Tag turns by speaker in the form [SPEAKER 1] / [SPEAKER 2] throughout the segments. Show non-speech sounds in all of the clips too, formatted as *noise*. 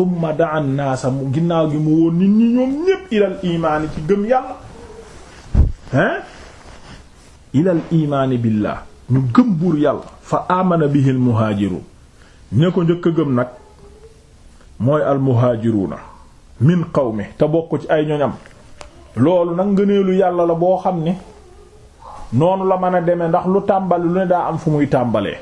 [SPEAKER 1] summa daa naasa mu ginnaaw gi mu woon nit ñi ñoom ñépp ilal imaani ci gëm yàlla hein ilal imaani billah ñu gëm buur yàlla fa amana bi al muhaajiruun ña ko njëkk a gëm nag mooy al muhaajiruuna min mi te bokk ci ay ñoñam loolu nag ngëneelu yàlla la boo xam ne noonu la mën a demee ndax lu tàmbali lu ne daa am fu muy tàmbalee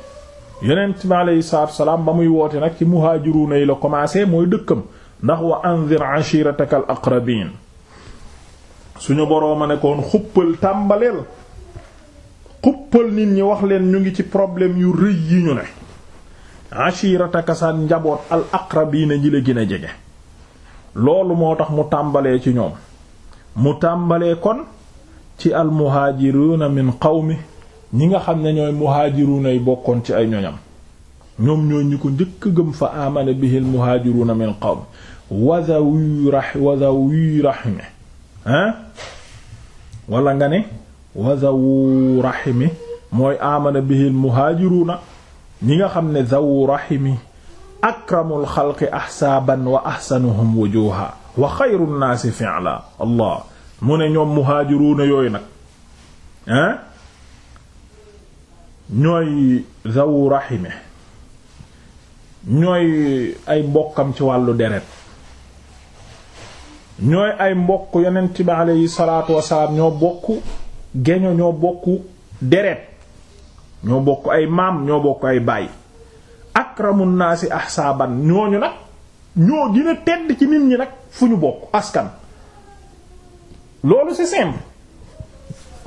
[SPEAKER 1] yonent bi aleyhi salaatu wasalaam ba muy woote nag ci muhaajiruuna yi la commencé mooy dëkkam ndax wa anzir ashiratak al aqrabiin suñu borooma nekkoon xuppal tàmbaleel xuppal nit ñi wax leen ñu ngi ci problème yu rëy yi ñu ne ashirataka sa njaboot al aqrabiina ñi la gën a jege loolu moo tax mu tàmbalee ci ñoom mu tàmbalee kon ci al muhaajiruuna min qawmi ñi nga xam ne ñooy muhaajiruuna yi bokkoon ci ay ñoñam ñoom ñooy ñi ko njëkk gëm fa amana bihi al muhaajiruuna min qawm wadawi ra wadawi rahime ah wala nga ne wadawu rahimi mooy amana bihi al muhaajiruuna ñi nga xam ne zawu rahimi akramul xalqi ahsaaban wa ahsanuhum wujuha wa xayru nnaasi fi'la allah mu ne ñoom muhaajiruuna yooyu nag ah ñooy zawu raxime ñooy ay mbokkam ci wàllu deret ñooy ay mbokk yonent bi aleyhi salaatu wasalaam ñoo bokk geño ñoo bokk deret ñoo bokk ay maam ñoo bokk ay baay akramun naasi ahsaaban ñooñu nag ñoo gën a tedd ci nit ñi nag fu ñu bokk askan loolu c'est simple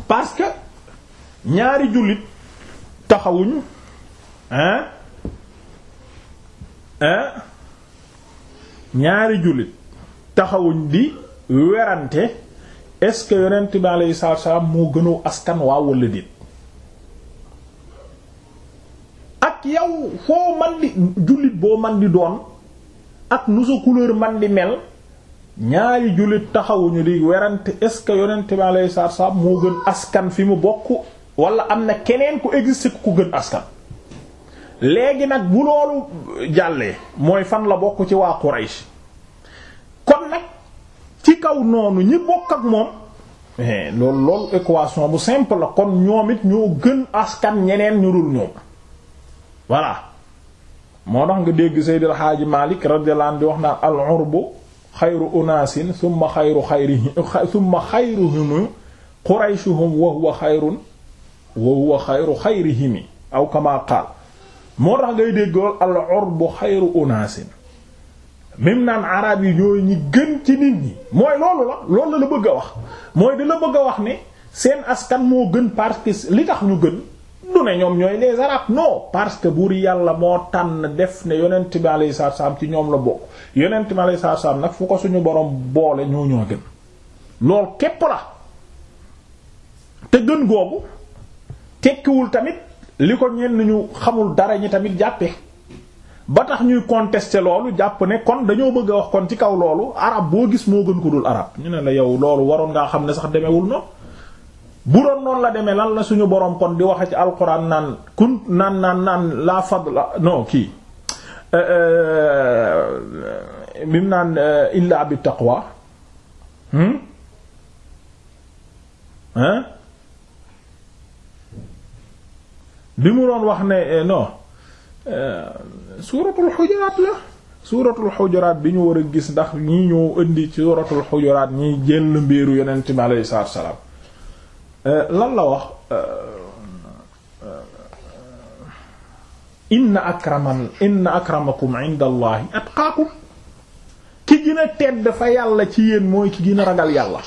[SPEAKER 1] parce ñaari jullit taxawuñu hein hein ñaari jullit taxawuñ di werante est yonent bi alayhi salaatu salaam moo gënaw askan waa walla déet ak yow foo man di jullit boo man di doon ak nu sa couleur man di mel ñaari jullit taxawuñu di werante est-ce que yonent bi alayhi salaatu salaam moo gën askan fi mu bokk wala am na keneen ku existé ku gën askan léegi nag bu loolu jàllee mooy fan la bokk ci waa Quraysh kon nag ci kaw noonu ñi bokk ak moom eh, loolu loolu équation bu simple la kon ñoom it ñoo gën askan ñeneen ñu dul ñoom voilà moo tax nga dégg Seydil Hadji Malick radiyallahu anhu di wax naan al urbu xayru unaasin thumma xayru xayrihim thumma wa xayrun wa huwa xayru xayrihimi aw kama qaal moo tax ngay déggool al urbu xayru unaasin mim naan arab yi ñooy ñi gën ci nit ñi mooy loolu la loolu la la bëgg a wax mooy da la bëgg a wax ni seen askan moo gën parce li tax ñu gën du ne ñoom ñooy les arabes non parce que buur yàlla moo tànn def ne yonent bi alayhi salaatu ci ñoom la bokk yonent bi alayhi salaatu salaam nag fu ko suñu borom boole ñoo ñoo gën loolu képp la te gën googu tekkiwul tamit li ko ñenn ñu xamul dara ñi tamit jàppe ba tax ñuy contester loolu jàpp ne kon dañoo bëgg a wax kon ci kaw loolu arab boo gis moo gën ko dul arab ñu ne la yow loolu waroon ngaa xam ne sax demewul noonu bu doon noonu la demee lan la suñu borom kon di waxe ci alquran naan kun naan naan naan la fadla non kii euh, euh, bimu naan euh, illa bi taqwa hmm? bi mu doon wax ne eh, non eh, suuratul xujuraat la suuratul xujuraat bi ñu war a gis ndax ñii ñoo indi ci suuratul xujuraat ñiy jël mbiiru yonent bi alayhi salaatu salaam eh, lan la wax inna akraman inna akramakum inda allahi atqaakum ki gën a tedd fa yàlla ci yéen mooy ki gën ragal yàlla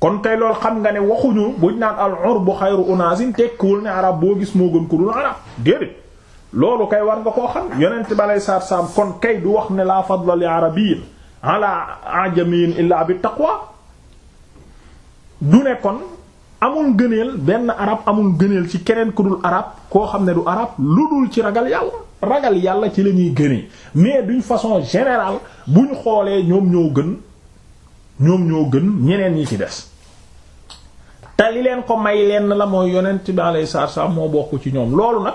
[SPEAKER 1] kon kay loolu xam nga ne waxuñu buñ naan al urbu xayru unaasin tekkiwul ne arab boo gis moo gën ko dul arab déedéet loolu kay war nga koo xam yonent bi aleyhi salaatu salaam kon kay du wax ne la fadla li arabiyyin ala ajamiyyin illaa bi taqwa du ne kon amul gëneel benn arab amul gëneel ci keneen ku dul arab koo xam ne du arab lu dul ci ragal yàlla ragal yàlla ci la ñuy gënee mais d'une façon générale buñ xoolee ñoom ñoo gën ñoom ñoo gën ñeneen yi ci des te li leen ko may lenn la mooy yonent bi alayhi salaatu salaam moo bokk ci ñoom loolu nag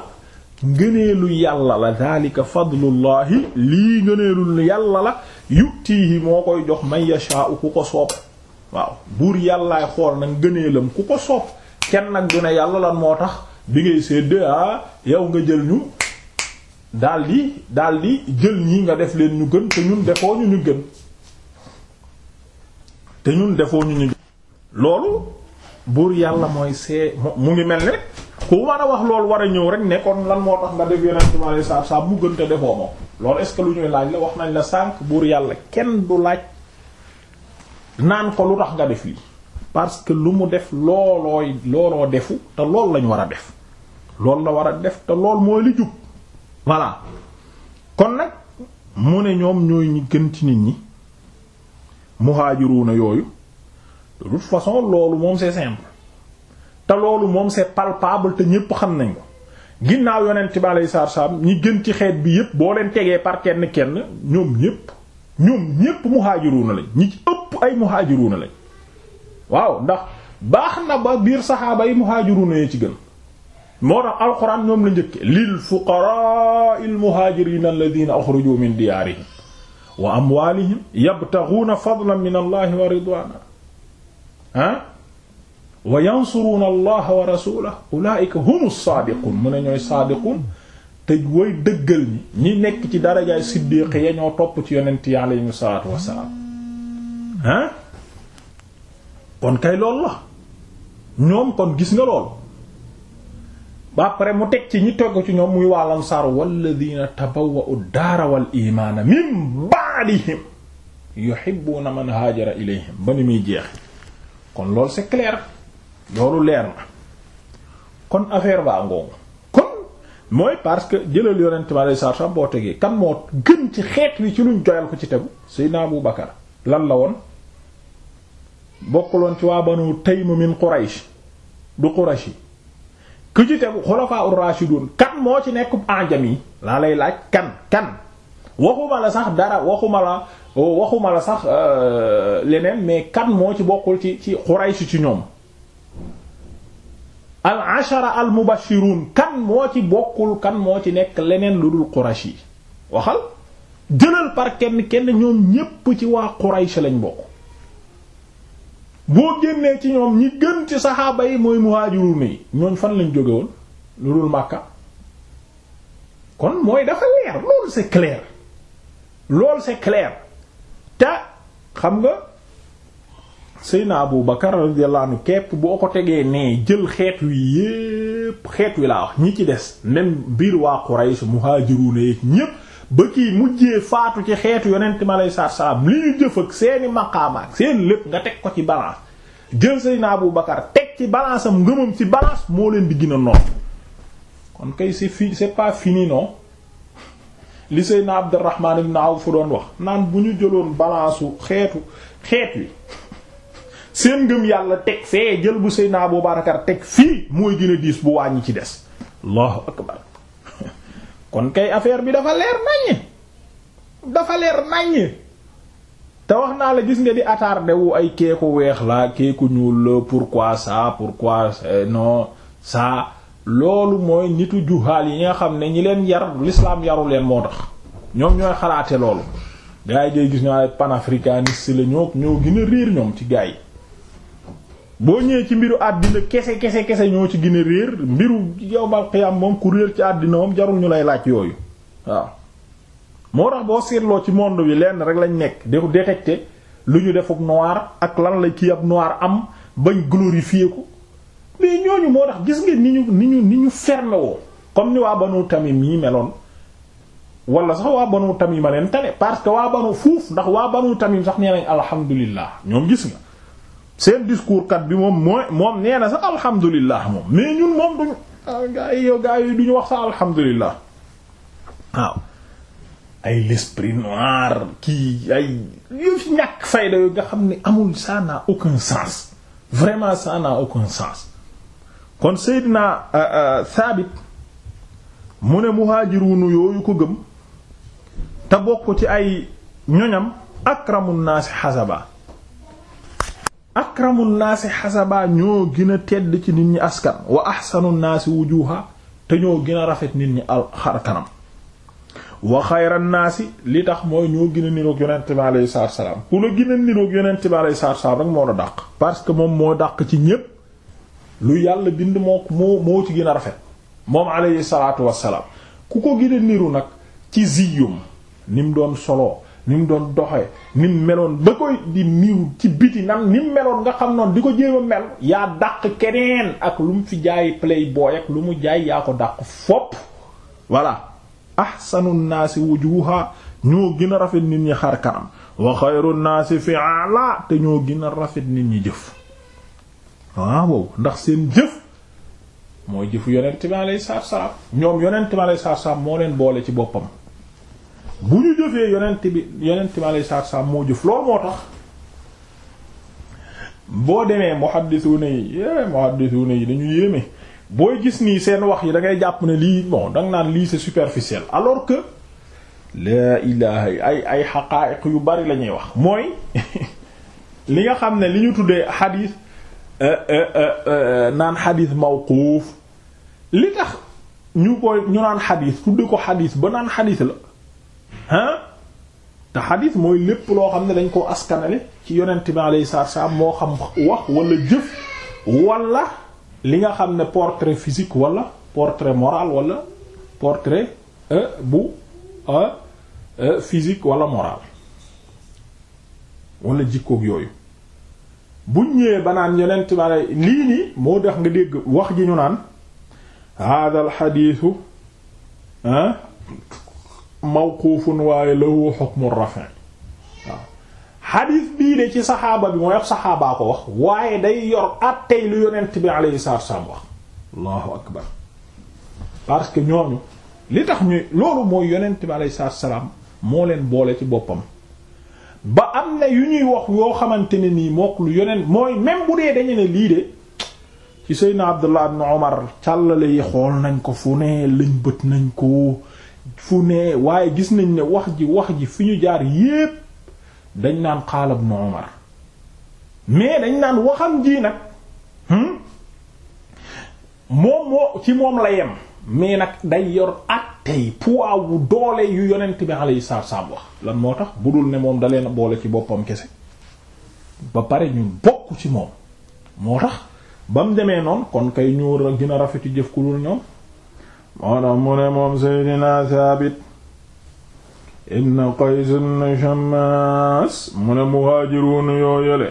[SPEAKER 1] ngëneelu yàlla la daalika fadlullahi lii ngëneelu yàlla la yutiihi moo koy jox may yashaa'u ku ko soob waaw buur yàllaay xool nag ngëneelam ku ko soob kenn nag du ne yàlla lan moo tax bi ngay séddee ah yow nga jël ñu daldi daldi jël ñi nga def leen ñu gën te ñun defoo ñu ñu gën te ñun defoo ñu ñu loolu buur yàlla mooy see mu ngi mel ni rek ku war a wax loolu war a ñëw rek nekkoon lan moo tax nga def yonent mi alayhi mu gën te defoo moom loolu est lu ñuy laaj la wax nañ la sànq buur yàlla kenn du laaj naan ko lu tax nga def lii parce que lu mu def loolooy looloo defu te loolu lañ war a def loolu la war a def te lool mooy li jub voilà kon nag mu ne ñoom ñooy gën ci nit ñi muhaajiruuna yooyu de toute façon loolu moom c'est simple te loolu moom c'est palpable te ñépp xam nañ ko ginnaaw yonent bi alayhi salaatu salaam ñi gën ci xeet bi yépp boo leen tegee par kenn kenn ñoom ñépp ñoom ñépp muhaajiruuna lañ ñi ci ëpp ay muhaajiruuna lañ waaw ndax baax na ba biir saxaaba yi muhaajiruuna yee ci gën moo tax alxuraan ñoom la njëkke lil fuqaraa al muhaajiriina alladhiina uxrijuu min diyaarihim wa amwaalihim yabtaxuuna fadlan min allahi wa ridwaana ah wa yansuruuna allaha wa rasulahu ulaa'ika humu saadiquun mu ne ñooy saadiquun te way dëggal ñi nekk ci darajaay siddiq ya ñoo topp ci yonent yi aleyhim salaatu wasalaam ah kon kay loolu la ñoom kon gis nga loolu ba pare mu teg ci ñi togg ci ñoom muy waa lansaar walladina tabawwa'u daara wal imaana min ba'dihim yuhibbuna man haajara ilayhim ba ni muy jeex kon loolu c'est clair loolu leer na kon affaire baa ngoogu kon mooy parce que jëlal yonent mi alayhi salaatu salaam boo tegee kan moo gën ci xeet wi ci luñ joyal ko ci tegu Seydina Abu Bakar lan la woon bokkuloon ci waa Banu Taym min Quraysh du Quraysh yi ku ci tegu xulafaa ur-rashidun kan moo ci nekk anjam yi laa lay laaj kan kan waxuma la sax dara waxuma la waxuma la sax euh, leneen mais kan moo ci bokkul ci ci Quraysh ci ñoom al ashara al mubashirun kan moo ci bokkul kan moo ci nekk leneen lu dul Quraysh yi waxal jëlal par kenn kenn ñoom ñépp ci waa Quraysh lañ bokk boo génnee ci ñoom ñi gën ci saxaaba yi mooy muhaajiruun yi ñooñ fan lañ jóge woon lu dul Makka kon mooy dafa leer loolu c'est clair loolu c'est clair te xam nga Seydina Abu Bakar radiyallahu anhu képp boo ko tegee nee jël xeet wi yépp xeet wi laa wax ñi ci des même biir waa Quraysh muhaajiruun yi ñépp ba kii mujjee faatu ci xeetu yonent mi aleyhi salaatu salaam li ñu jëf ak seeni maqaama seen lépp nga teg ko ci balance jël Seydina Abu Bakar teg ci balance am ngëmam ci balance moo leen di gën noonu kon kay si fi c'est pas fini non li Seydina Abdurrahman ibn Awf doon wax naan bu ñu jëloon balance su xeetu xeet wi seen ngëm yàlla teg fee jël bu Seydina Abu Bakar teg fii mooy gën a diis bu wàññi ci des kon kay affaire bi dafa leer naññ dafa leer naññ te wax naa la gis nga di attardé wu ay keeku weex la keeku ñuul la pourquoi pour quoi euh, non ça loolu mooy nitu juhaal yi nga xam ne ñi leen yar lislaam yaru leen moo tax ñoom ñooy xalaate loolu gars yi ngay gis ñoo ay panafricaniste la ñoo ñoo gën a réer ñoom ci gars yi boo ñëwee ci mbiru àddina kese kese kese ñoo ci gën a réer mbiru yowmal xiyaam moom ku réer ci àddina moom jarul ñu lay laaj yooyu waaw moo tax boo seetloo ci monde wi lenn rek lañ nekk di détecter lu ñu defuk noir ak lan la kii ab noir am bañ glorifier ko mais ñooñu moo tax gis ngeen ni ñu ni ñu ni ñu fermé woo comme ni waa banu tamim yi meloon wala sax waa banu tamim a leen tane parce que waa banu fuuf ndax waa banu tamim sax nee nañ alhamdulillah ñoom gis seen discours kat bi moom mooy moom nee na sax alhamdulilah moom mais ñun moom duñ ah, gaa yi yow gaa yi duñu wax sax alhamdulilah ay l'esprit noir kii ay ñàkk fayda yooyu nga xam ni amul ça n'a aucun sens vraiment ça n'a aucun sens kon Seydina euh, euh, Thabit mu ne muhaajiruunu yooyu ko gëm te bokk ci ay ñoñam akramun naasi xasaba akramu naasi xasabaa ñoo gën a tedd ci nit ñi askan wa axsanu naasi wujuha te ñoo gën a rafet nit ñi al xar kanam wa naasi li tax mooy ñoo gëna a niroog yonent bi alayhi salaam ku la gën a niroog yonent bi alayhi salaatu rek moo la dàq parce que moom moo dàq ci ñépp lu yàlla bind moo moo ci gën a rafet moom alayhi salaatu wa salaam ku ko gën niru nag ci ziyum ni doon solo ni mu doon doxe ni meloon ba koy di niiw ci biti nan ni meloon nga xam noon di ko jéem mel yaa dàq keneen ak lu mu fi jaay playboy ak lu mu jaay yaa ko dàq fopp voilà ahsanu naasi wujuha ñoo gën a rafet nit ñi xar kanam wa xayru naasi fi'ala te ñoo gën a rafet nit ñi jëf ah, waaw ndax seen jëf mooy jëfu yonent bi alayhi salaam ñoom yonent bi alayhi salaam moo leen boole ci boppam bu ñu jëfee yonent bi yonent bi alayhi salaatu salaam moo jëf loolu moo tax boo demee muhaddisuuna yi é muhaddisuuna yi dañu yéeme booy gis nii seen wax yi da ngay jàpp ne lii bon danga naan lii c'est superficiel alors que laa ilaha ay ay xaqaayiq yu bari la ñuy wax mooy *laughs* li nga xam ne li ñu tuddee xadis euh, euh, euh, naan xadis mawquuf li tax ñu koy ñu naan xadis tudde ko xadis ba naan xadis la ah te xadis mooy lépp loo xam ne dañ koo askanale ci yonent bi alayhi salaatu salaam moo xam wax wala jëf wala li nga xam ne portrait physique wala portrait moral wala portrait euh, bu euh, euh, physique wala moral wala jikkoog yooyu buñ ñëwee ba naan yonent bi alayhi lii nii moo tax nga dégg wax ji ñu naan hada xadiisu ah mawquufun waaye lahu ci saxaaba bi waaye day yor attey lu yonent bi alayhi salaatu que ñooñu li tax ñuy loolu mooy yonent moo leen boole ci boppam ba am na yu ñuy wax yoo xamante ne nii mook lu yonent mooy même bu dee dañu ne lii de ci seydna abdullah ibn omar càllale yi xool nañ ko fu ne lañ bët nañ ko fu ne waaye gis nañ ne wax ji wax ji fi ñu jaar yépp dañ naan xaala Ibn Umar mais dañ naan waxam ji nag hmm, moom moo ci moom la yem mais nag dañ yor attey poids wu doole yu yonent bi yu salaatu salaam wax lan moo tax bu dul ne moom da leen boole ci boppam kese ba pare ñun bokk ci moom moo tax ba mu demee noon kon kay ñoo gën a yu jëf ku dul ñoom moo tax mu ne moom seydina Saabit ibn Qays ibn Shammaas mu ne muhaajiruun yoo yële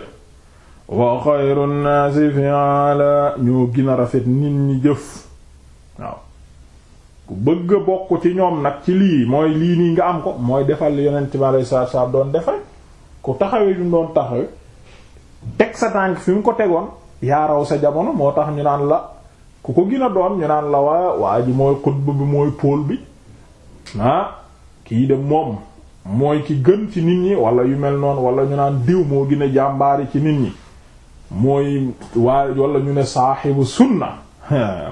[SPEAKER 1] wa xayru nnaasi fi'aala ñoo gën a rafet nit ñi jëf waaw ku bëgg bokk ci ñoom nag ci lii mooy lii nii nga am ko mooy defal yonent bi alayhi salaatu salaam doon defal ku taxawee lu doon taxawee teg sa tànk fi mu ko tegoon yaa raw sa jamono moo tax ñu naan la ku ko gën a ñu naan la waa waa mooy xutb bi mooy pôle bi ah kii de moom mooy ki gën ci nit ñi wala yu mel noonu wala ñu naan diw moo gën jàmbaar jàmbaari ci nit ñi mooy waa walla ñu ne saaxibu sunna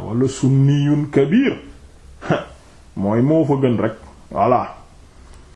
[SPEAKER 1] wala sunniyun kabir mooy moo fa gën rek voilà